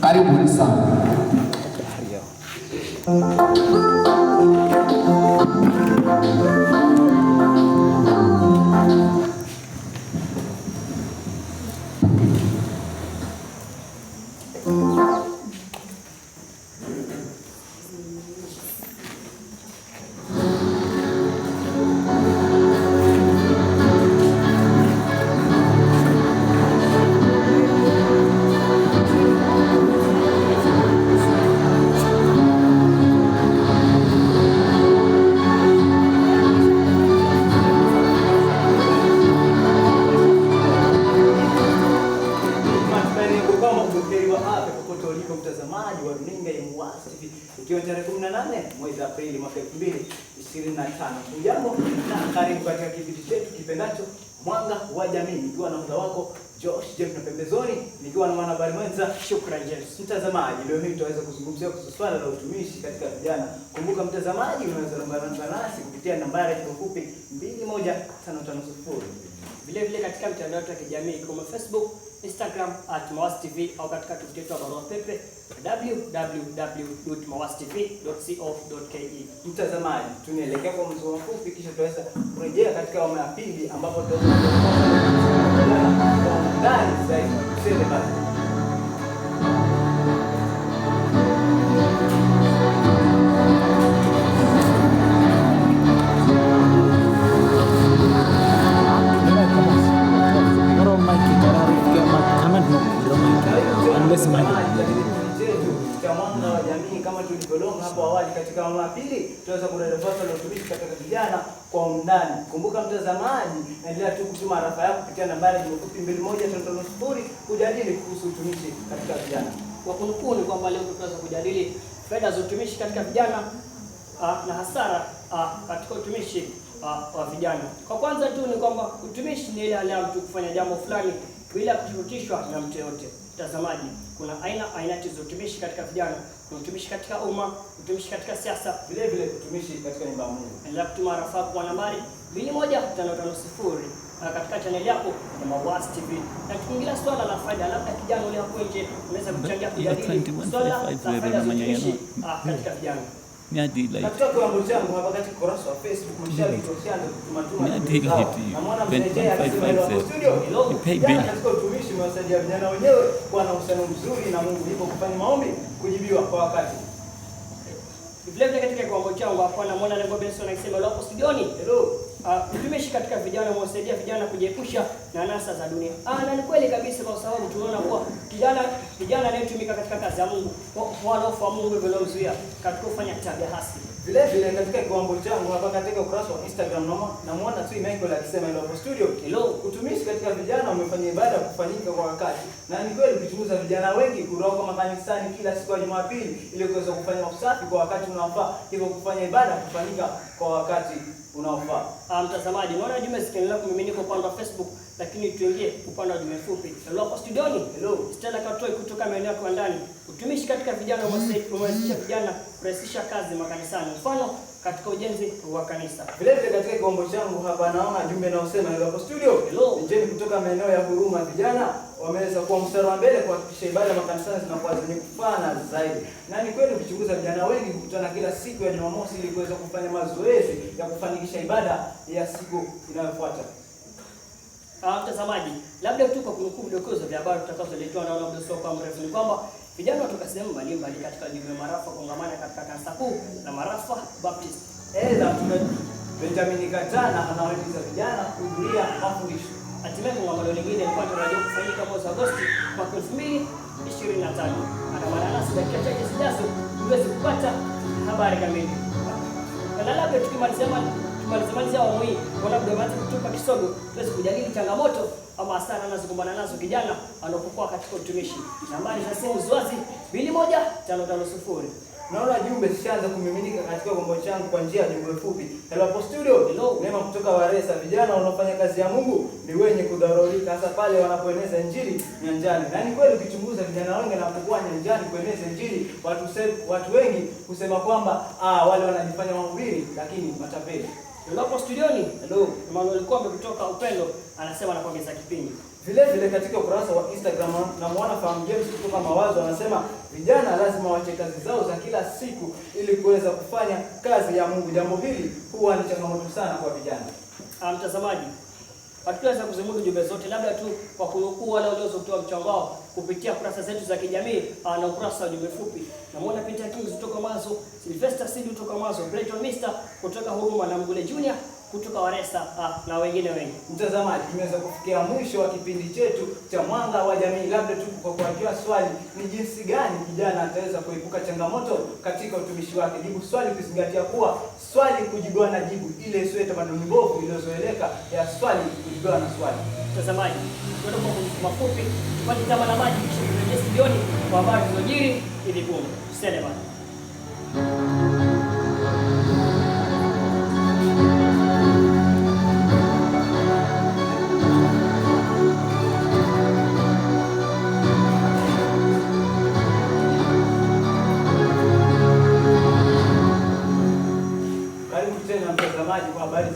Karibuni sana. sasa hivi ikiwa tarehe 18 mwezi Aprili mwaka 2025. Hujambo na karibu katika kipindi chetu kipendacho Mwanga wa Jamii, nikiwa na mda wako Josh Jeff na pembezoni nikiwa na mwanahabari mwenza Shukrani James. Mtazamaji, leo hii tutaweza kuzungumzia kuhusu swala la utumishi katika vijana. Kumbuka mtazamaji, unaweza kuungana nasi kupitia nambari ya kifupi 21550 vile vile katika mitandao yetu ya kijamii kama Facebook, Instagram at Mawaz TV au katika tovuti yetu ya barua pepe www.mawaztv.co.ke. Mtazamaji, tunaelekea kwa mzozo mfupi, kisha tutaweza kurejea katika awamu ya pili ambapo tutaweza kuona kwa ndani zaidi. Tuseme basi. tutaweza na utumishi katika vijana kwa undani. Kumbuka mtazamaji, endelea tu kutuma arafa yako kupitia nambari ya fupi mbili moja tano tano sufuri kujadili kuhusu utumishi katika vijana. Kwa kunukuu ni kwamba leo tutaweza kujadili faida za utumishi katika vijana ah, na hasara ah, katika utumishi ah, wa vijana. Kwa kwanza tu ni kwamba utumishi ni ile hali ya mtu kufanya jambo fulani bila kushurutishwa na mtu yoyote mtazamaji, kuna aina ainati za utumishi katika vijana. Kuna utumishi katika umma, utumishi katika siasa, vile vile utumishi katika nyumba ya Mungu. Endelea kutuma rafaa kwa nambari 2150 katika chaneli yako ya Mawaz TV. Na tukiingilia swala la faida, labda kijana ule hapo nje unaweza kuchangia kujadili swala la faida za utumishi ah, katika vijana katika kiwango mm. katika utumishi umewasaidia vijana wenyewe kuwa mzuri na Mungu kufanya maombi kujibiwa kwa wakati. Vilevile katika kiwango changu hapa na mwana ah, katika vijana umewasaidia vijana kujiepusha na nasa za dunia. Ah, na ni kweli kabisa kwa sababu tunaona kuwa kijana kijana anayetumika katika kazi ya Mungu, wala hofu ya Mungu inamzuia katika kufanya tabia hasi. Vile vile katika kiwango changu hapa katika ukurasa wa Instagram na muona tu Michael akisema ile hapo studio hello, utumishi katika vijana umefanya ibada kufanyika kwa wakati. Na ni kweli kuchunguza vijana wengi kuroka makanisani kila siku ya Jumapili ili kuweza kufanya usafi kwa wakati unaofaa, hivyo kufanya ibada kufanyika kwa wakati unaofaa. Ah, mtazamaji, naona jumbe zikiendelea kumiminika upande wa Facebook, lakini tuingie upande wa jume fupi. Hello kwa studioni. Hello. Stella Katoi kutoka maeneo ya ndani. Utumishi katika vijana umewezesha vijana kurahisisha kazi makanisani. Mfano katika ujenzi wa kanisa. Vile vile katika kiwango changu hapa naona jumbe naosema hapo studio. Njeni kutoka maeneo ya huruma vijana wameweza kuwa mstari wa mbele kuhakikisha ibada makanisani zinakuwa zenye kufana zaidi. Na ni kweli ukichunguza vijana wengi hukutana kila siku ya Jumamosi ili kuweza kufanya mazoezi ya kufanikisha ibada ya siku inayofuata. Ah, mtazamaji, labda tu kwa kunukuu vidokezo vya habari tutakazoletwa na mdoso kwa mrefu ni kwamba Vijana kutoka sehemu mbalimbali katika jumuiya ya Marafa kongamana katika kanisa kuu la Marafa Baptist. Aidha, Mtume Benjamin Katana anawahimiza vijana kuhudhuria mafundisho. Hatimaye kongamano lingine ilikuwa linatarajiwa kufanyika mwezi Agosti mwaka 2025. Andamana nasi dakika chache zijazo tuweze kupata habari kamili. Na labda tukimalizia tukimalizia awamu hii, kuna mdamati kutupa Kisogo tuweze kujadili changamoto ama hasara anazokumbana nazo kijana anapokuwa katika utumishi. Nambari za simu ziwazi 2150. Naona jumbe zishaanza kumiminika katika kombo changu kwa njia ya jumbe fupi. Hello hapo studio. Hello. Neema kutoka Waresa. Vijana wanaofanya kazi ya Mungu ni wenye kudharurika hasa pale wanapoeneza injili nyanjani. Na ni kweli ukichunguza vijana wengi kukua nyanjani kueneza injili, watu watu wengi husema kwamba ah, wale wanajifanya wahubiri lakini matapeli. Unapo studioni hello, Emmanuel Kombe kutoka Upendo anasema anakuongeza kipindi. Vile vile katika ukurasa wa Instagram na mwana Farm James kutoka Mawazo anasema vijana lazima wache kazi zao za kila siku ili kuweza kufanya kazi ya Mungu. Jambo hili huwa ni changamoto sana kwa vijana. Ah, mtazamaji, hatukuweza kuzimudu jumbe zote, labda tu kwa kunukuu wale walioweza kutoa mchango wao kupitia kurasa zetu za kijamii ah, na ukurasa wa jumbe fupi. Namwona Peter Kings kutoka Mwanzo, Sylvester Sidi kutoka Mwanzo, Breton Mister kutoka Huruma na Mgule Junior kutoka Waresa ah, na wengine wengi. Mtazamaji, tumeweza kufikia mwisho wa kipindi chetu cha Mwanga wa Jamii. Labda tu kwa kuambiwa swali ni jinsi gani kijana ataweza kuepuka changamoto katika utumishi wake. Jibu swali ukizingatia kuwa swali kujibiwa na jibu, ile isiwe tamaduni mbovu iliyozoeleka ya swali kujibiwa na swali. Mtazamaji, tunaenda kwa mafupi kwa kitama la maji kisha kurejea studioni kwa habari zilizojiri hivi punde. Sasa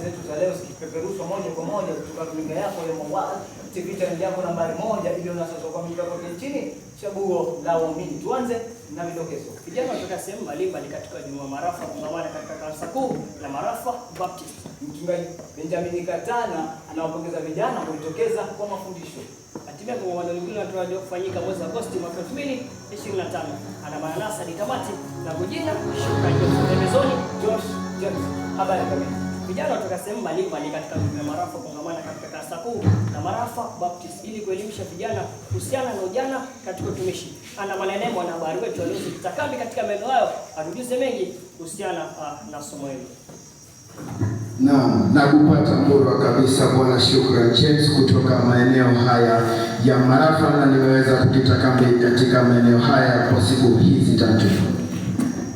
zetu za leo zikipeperushwa moja kwa moja kutoka runinga yako ya Mawaz TV channel yako nambari moja iliyo na kwa mjika kote nchini, chaguo la waumini. Tuanze na vidokezo. Vijana kutoka sehemu mbalimbali katika jumuiya Marafa kuungana katika kanisa kuu la Marafa Baptist. Mchungaji Benjamin Katana anawapongeza vijana kujitokeza kwa mafundisho. Hatimaye kwa mwanzo maandalizi yanatarajiwa kufanyika mwezi Agosti mwaka 2025. Ana maana nasa ni tamati na kujina shukrani kwa pembezoni Josh James. Habari kamili. Vijana kutoka sehemu mbalimbali katika wa Marafa kongamana katika kanisa kuu la Marafa Baptist ili kuelimisha vijana kuhusiana na ujana katika utumishi. Ana maneno mwanahabari wetu aliyopita kambi katika maeneo hayo atujuze mengi kuhusiana ah, na somo hilo. Naam, nakupata murwa kabisa Bwana Shukrani James kutoka maeneo haya ya Marafa, na nimeweza kukita kambi katika maeneo haya kwa siku hizi tatu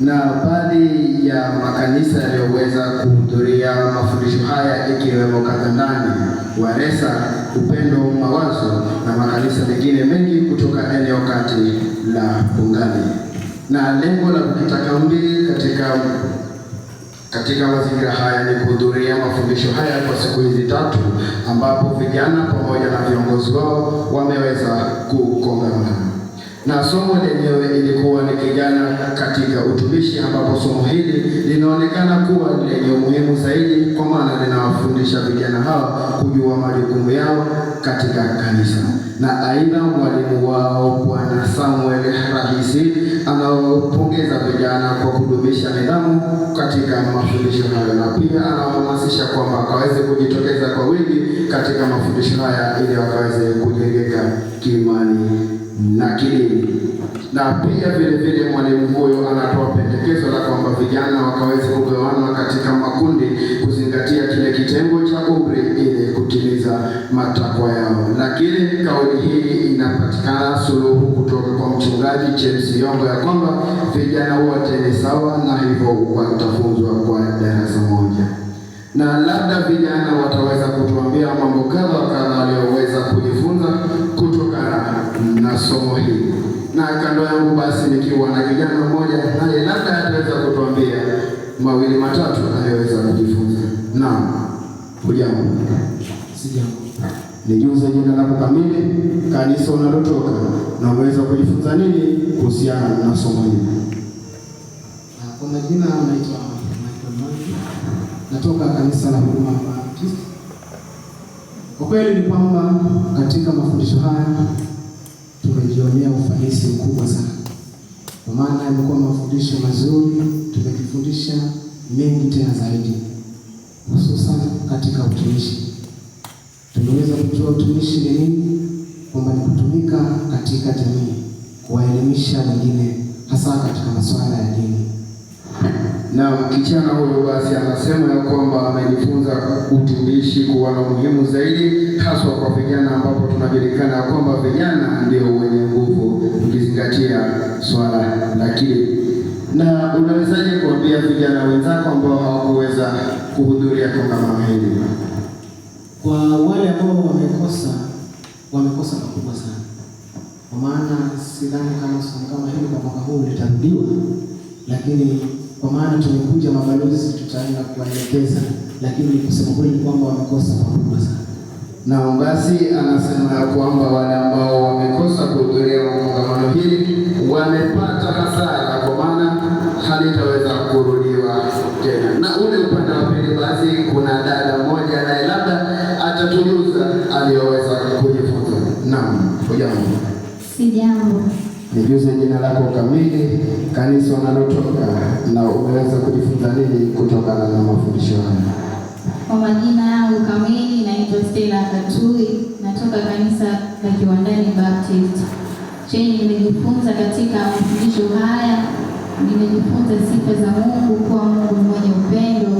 na baadhi ya makanisa yaliyoweza kuhudhuria mafundisho haya ikiwemo Kadhanani, Waresa, Upendo Mawazo na makanisa mengine mengi kutoka eneo kati la Bungani, na lengo la kukita kambi katika katika mazingira haya ni kuhudhuria mafundisho haya kwa siku hizi tatu, ambapo vijana pamoja na viongozi wao wameweza kukongamana na somo lenyewe ilikuwa ni kijana katika utumishi, ambapo somo hili linaonekana kuwa lenye umuhimu zaidi, kwa maana linawafundisha vijana hawa kujua majukumu yao katika kanisa, na aidha mwalimu wao Bwana Samuel Rahisi anaopongeza vijana kwa kudumisha nidhamu katika mafundisho hayo, na pia anawahamasisha kwamba wakaweze kujitokeza kwa wingi katika mafundisho haya ili wakaweze kujengeka kiimani lakini na pia vile vile mwalimu huyo anatoa pendekezo la kwamba vijana wakaweze kugawana katika makundi kuzingatia kile kitengo cha umri ili kutimiza matakwa yao. Lakini kauli hii inapatikana suluhu kutoka kwa mchungaji James Yongo ya kwamba vijana wote ni sawa na hivyo watafunzwa kwa darasa moja, na labda vijana wataweza kutuambia mambo kadha kadha walioweza kujifunza na somo hili. Na kando yangu basi nikiwa na kijana mmoja naye labda ataweza kutuambia mawili matatu anayeweza kujifunza. Naam, hujambo? Sijambo. Nijuze jina lako kamili, kanisa unalotoka na uweza kujifunza nini kuhusiana na somo hili? Ah, kwa majina naitwa natoka kanisa la Huduma Baptist. Kwa kweli ni kwamba katika mafundisho haya tumejionea ufanisi mkubwa sana, kwa maana yamekuwa mafundisho mazuri, tumejifundisha mengi tena zaidi, hususan katika utumishi. Tumeweza kujua utumishi ni nini, kwamba ni kutumika katika jamii, kuwaelimisha wengine, hasa katika masuala ya dini na msichana huyo basi anasema ya kwamba amejifunza utumishi kuwa na umuhimu zaidi, haswa kwa vijana, ambapo tunajulikana ya kwamba vijana ndio wenye nguvu, ukizingatia swala la kile. Na unawezaje kuambia vijana wenzako ambao hawakuweza kuhudhuria kongamano hili? Kwa wale ambao wamekosa, wamekosa makubwa sana, kwa maana sidhani kama somo kama hili kwa mwaka huu litarudiwa, lakini kwa maana tumekuja mabalozi, tutaenda kuwaelekeza, lakini kusema kweli kwamba wamekosa makubwa sana. Na Mbasi anasema ya kwamba wale ambao wamekosa kuhudhuria kongamano hili wamepata hasara, kwa maana halitaweza kurudiwa tena. Na ule upande wa pili basi kuna dada Jijuze jina lako kamili, kanisa unalotoka na umeweza kujifunza nini kutokana na mafundisho haya. Kwa majina yangu kamili, naitwa Stella Katui, natoka kanisa la Kiwandani Baptist. Chenye nimejifunza katika mafundisho haya, nimejifunza sifa za Mungu, kuwa Mungu mwenye upendo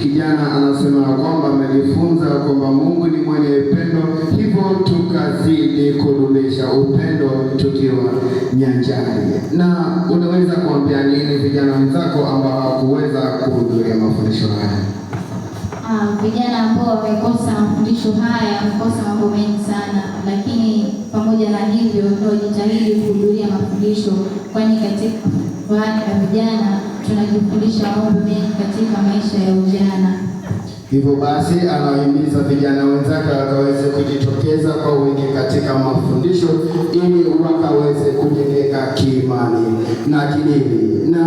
kijana anasema kwamba amejifunza kwamba Mungu ni mwenye upendo, hivyo tukazidi kudumisha upendo tukiwa nyanjani. Na unaweza kuambia nini vijana wenzako ambao hawakuweza kuhudhuria mafundisho haya? Ah, vijana ambao wamekosa mafundisho haya wamekosa mambo mengi sana, lakini pamoja na hivyo ndio jitahidi kuhudhuria mafundisho, kwani katika baadhi ya vijana tunajifundisha mambo mengi katika maisha ya ujana. Hivyo basi, anawahimiza vijana wenzake wakaweze kujitokeza kwa wingi katika mafundisho ili wakaweze kujengeka kiimani na kidini. Na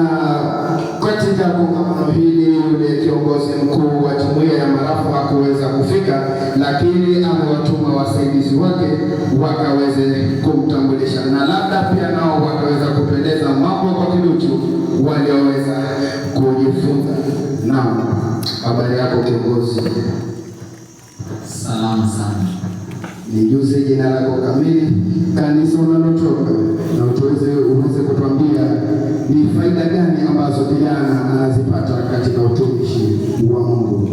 katika kongamano hili, yule kiongozi mkuu wa jumuiya ya Marafu hakuweza kufika, lakini amewatuma wasaidizi wake wakaweze kumtambulisha, na labda pia nao wakaweza kupendeza mambo kwa kiduchu walioweza kujifunza. na habari yako kiongozi? Salama sana. Nijuze jina lako kamili, kanisa unalotoka, na utuweze uweze kutwambia ni faida gani ambazo kijana anazipata katika utumishi wa Mungu.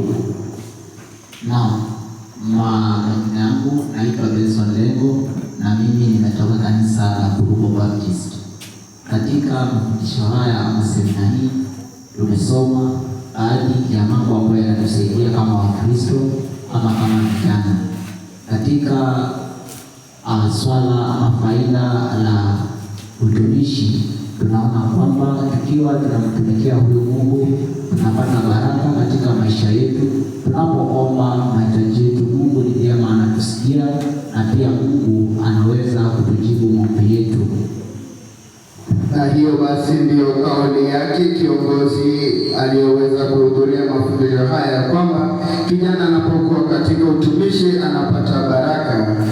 Naam, majina yangu naitwa Benson Lengo na mimi nimetoka kanisa la Kurugo Baptist katika mafundisho haya ama semina hii tumesoma baadhi ya mambo ambayo yanatusaidia kama Wakristo ama kama vijana katika uh, swala ama faida la utumishi. Tunaona kwamba tukiwa tunamtumikia huyu Mungu tunapata baraka katika maisha yetu. Tunapoomba mahitaji yetu, Mungu ni vyema anatusikia na pia Mungu hiyo basi ndiyo kauli yake kiongozi aliyoweza kuhudhuria mafundisho haya kwamba kijana anapokuwa katika utumishi anapata baraka.